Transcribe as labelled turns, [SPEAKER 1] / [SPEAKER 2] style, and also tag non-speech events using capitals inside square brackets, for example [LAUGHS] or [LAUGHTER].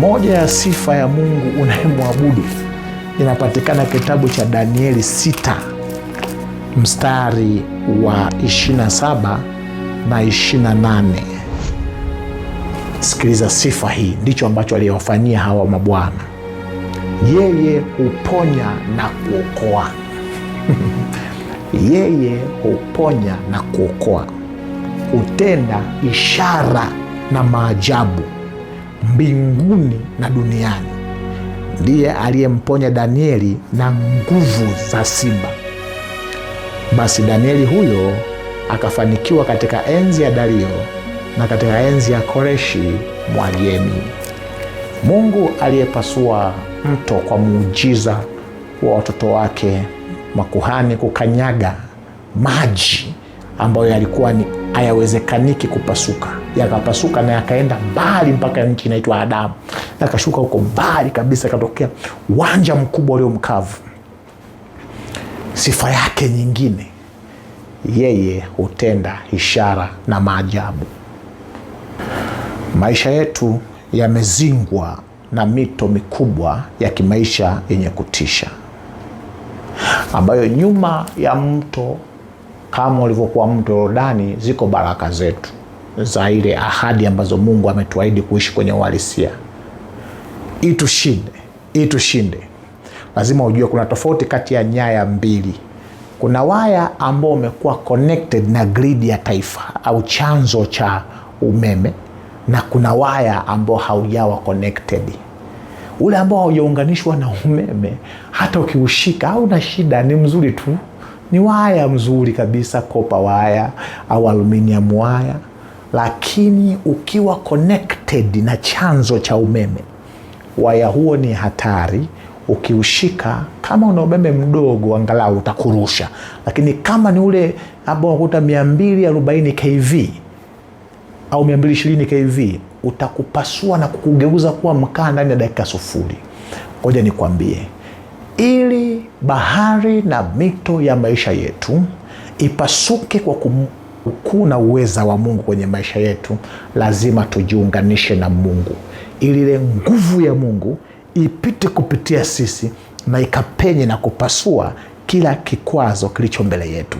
[SPEAKER 1] Moja ya sifa ya Mungu unayemwabudu inapatikana kitabu cha Danieli 6 mstari wa 27 na 28. Sikiliza sifa hii, ndicho ambacho aliyowafanyia hawa mabwana. Yeye huponya na kuokoa [LAUGHS] yeye huponya na kuokoa, hutenda ishara na maajabu mbinguni na duniani. Ndiye aliyemponya Danieli na nguvu za simba. Basi Danieli huyo akafanikiwa katika enzi ya Dario na katika enzi ya Koreshi Mwajemi. Mungu aliyepasua mto kwa muujiza wa watoto wake makuhani kukanyaga maji ambayo yalikuwa ni hayawezekaniki kupasuka yakapasuka na yakaenda mbali mpaka nchi inaitwa Adamu, akashuka huko mbali kabisa, akatokea uwanja mkubwa ulio mkavu. Sifa yake nyingine, yeye hutenda ishara na maajabu. Maisha yetu yamezingwa na mito mikubwa ya kimaisha yenye kutisha, ambayo nyuma ya mto kama ulivyokuwa mto Yordani ziko baraka zetu za ile ahadi ambazo Mungu ametuahidi kuishi kwenye uhalisia. Itushinde, itushinde. Lazima ujue kuna tofauti kati ya nyaya mbili. Kuna waya ambao umekuwa connected na grid ya taifa au chanzo cha umeme, na kuna waya ambao haujawa connected. Ule ambao haujaunganishwa na umeme, hata ukiushika au na shida, ni mzuri tu, ni waya mzuri kabisa, kopa waya au aluminium waya lakini ukiwa connected na chanzo cha umeme, waya huo ni hatari. Ukiushika kama una umeme mdogo, angalau utakurusha, lakini kama ni ule ambao unakuta 240 kV au 220 kV utakupasua na kukugeuza kuwa mkaa ndani ya dakika sufuri. Ngoja nikwambie, ili bahari na mito ya maisha yetu ipasuke kwa kum ukuu na uweza wa Mungu kwenye maisha yetu, lazima tujiunganishe na Mungu ili ile nguvu ya Mungu ipite kupitia sisi na ikapenye na kupasua kila kikwazo kilicho mbele yetu.